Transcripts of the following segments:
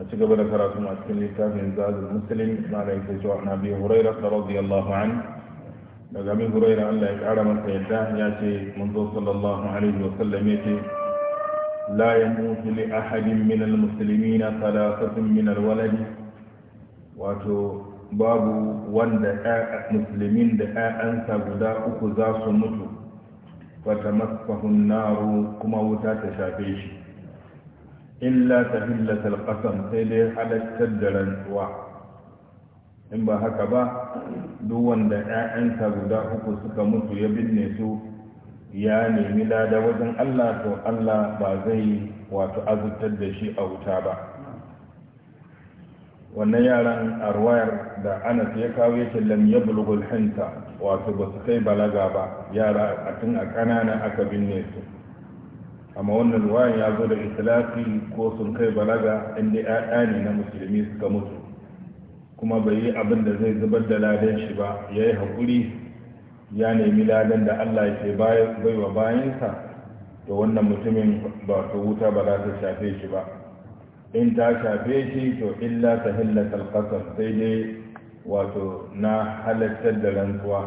a ci gaba da karatu a cikin littafin zazul musulun na da yake cewa na biyu huraira radiyallahu an daga min huraira Allah ya kara masa yadda ya ce manzo sallallahu alaihi wa sallam ya ce la yamutu li ahadin min al muslimina thalathatun min al waladi wato babu wanda musulmin da ƴaƴansa guda uku za su mutu fata masfahun naru kuma wuta ta shafe shi illa ta hillatal qasam sai dai halartar da rantsuwa in ba haka ba duk wanda 'ya'yanta guda uku suka mutu ya binne su ya nemi lada wajen Allah to Allah ba zai wato azurtar da shi a wuta ba wannan yaran arwayar da anas ya kawo yake lam ya bulgul hinta wato ba su kai balaga ba yara a tun a ƙanana aka binne su amma wannan wayan ya zo da islafi ko sun kai balaga inda ya'ya ne na musulmi suka mutu kuma bai yi abin da zai zubar da ladan shi ba ya yi haƙuri ya nemi ladan da allah ya ce bai wa bayansa to wannan mutumin ba su wuta ba za ta shafe shi ba in ta shafe shi to illa ta hillata alƙasar sai dai wato na halattar da rantsuwa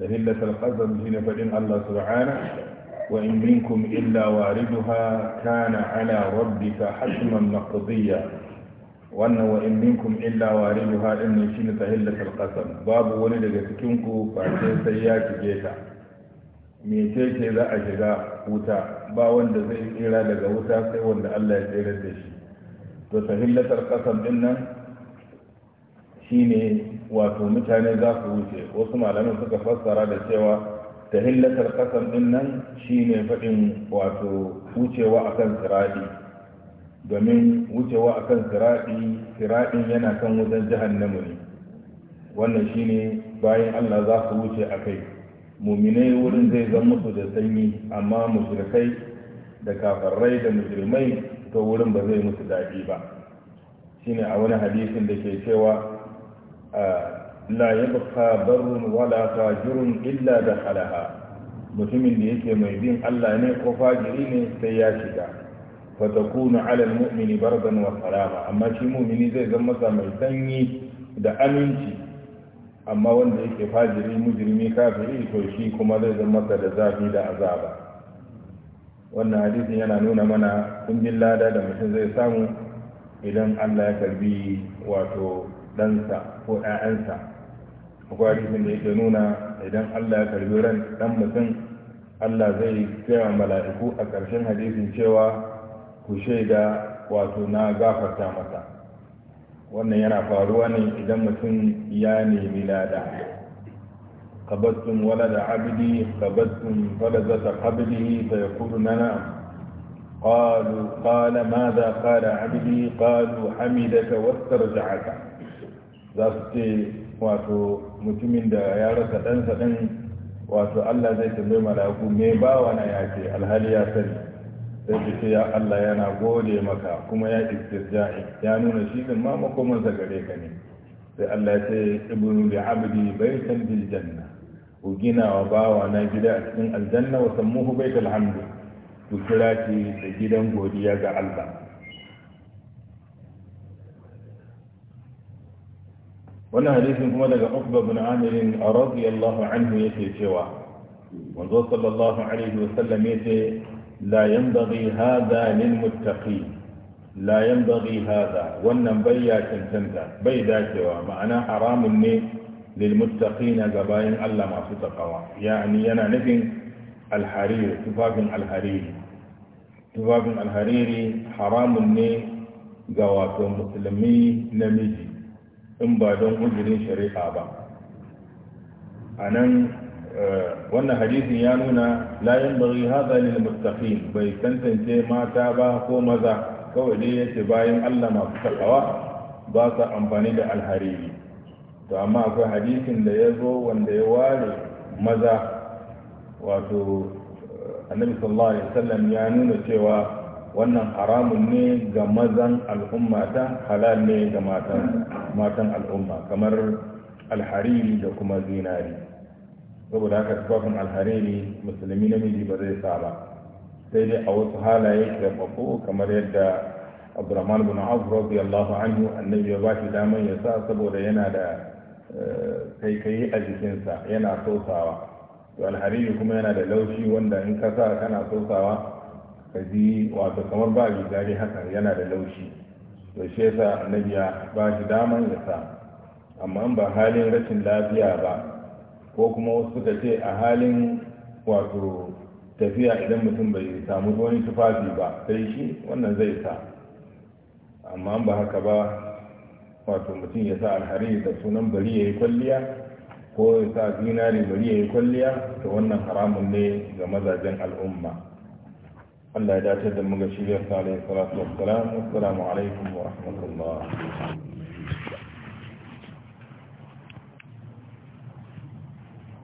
ta hillata alƙasar shi ne faɗin allah subhanahu وإن منكم إلا واردها كان على ربك حتما مقضيا وأن وإن منكم إلا واردها إن شين تهلة القسم باب ولد ya فأتي سياك جيتا mecece za a shiga wuta ba wanda zai tsira daga wuta sai wanda Allah ya tsirar da shi to sahillatar kasam ɗinnan nan shine wato mutane za su wuce wasu malamin suka fassara da cewa ta hillatar kasan din nan shine faɗin wato wucewa akan siradi domin wucewa akan siradi siradin yana kan wajen jahannamu ne wannan shine bayan Allah za su wuce a kai muminai wurin zai zama musu da sanyi amma mushrikai da kafarrai da mujrimai to wurin ba zai musu daɗi ba shine a wani hadisin da ke cewa ah, la yabqa barrun wala fajirun illa dakalaha mutumin da yake mai bin Allah ne ko fajiri ne sai ya shiga fa takunu ala almu'mini bardan wa salama amma shi mu'mini zai zama masa mai sanyi da aminci amma wanda yake fajiri mujrimi kafiri to shi kuma zai zama masa da zafi da azaba wannan hadisin yana nuna mana kundin lada da mutum zai samu idan Allah ya karbi wato ɗansa ko ‘ya'yansa akwai ne da yake nuna idan Allah ya karbi ran dan mutum Allah zai tsaya mala'iku a ƙarshen hadisin cewa ku shaida wato na gafarta masa wannan yana faruwa ne idan mutum ya nemi lada kabattun wala abidi kabattun wala ta abidi ta ya kudu na na'am قالوا قال ماذا قال عبدي قالوا حمدك واسترجعك za su ce wato mutumin da ya rasa ɗansa ɗin wato Allah zai tambayi mala'iku me bawa na ya ce alhali ya sani sai su ce ya Allah yana gode maka kuma ya istirja'i ya nuna shi din ma makomansa gare ka ne sai Allah ya ce ibnu bi abdi baitan bil janna ku gina wa bawa na gida a cikin aljanna wa sammuhu baitul hamd ku kira da gidan godiya ga Allah wannan hadisin kuma daga Uqba bin Amir radiyallahu anhu yake cewa manzo sallallahu alaihi wasallam yace la yanbaghi hadha lil muttaqi la yanbaghi hada wannan bai ya cancanta bai dacewa ma'ana haramun ne lil muttaqina ga bayin Allah masu takawa yani yana nufin alhariri tufafin alhariri tufafin alhariri haramun ne ga wato musulmi namiji in ba don uzurin shari'a ba a nan eh, wannan hadisin ya nuna layan bari haza lil mustaqim bai tantance mata ba ko maza kawai dai yake bayan Allah masu takawa ba sa amfani da alhariri to amma akwai hadisin da ya zo wanda ya ware maza wato eh, annabi sallallahu alaihi wasallam ya nuna cewa wannan haramun ne ga mazan al'umma ta halal ne ga matan al'umma kamar alhariri da kuma zinari saboda haka tufafin alhariri musulmi namiji ba zai sa ba sai dai a wasu halaye da bako kamar yadda abdurrahman bin auf radiyallahu anhu annabi ya bashi daman ya sa saboda yana da eh, kai-kai a jikinsa yana sosawa to alhariri kuma yana da laushi wanda in ka sa kana sosawa ka ji wato kamar ba rigari dai haka yana da laushi to shi yasa annabi ya ba shi daman ya sa amma ba halin rashin lafiya ba ko kuma wasu suka ce a halin wato tafiya idan mutum bai samu wani tufafi ba sai shi wannan zai sa amma ba haka ba wato mutum ya sa alhari da sunan bari ya yi kwalliya ko ya sa zinari bari ya yi kwalliya to wannan haramun ne ga mazajen al'umma Allah ya dace da mu ga shirya sa alaihi salatu wassalam assalamu alaikum wa rahmatullah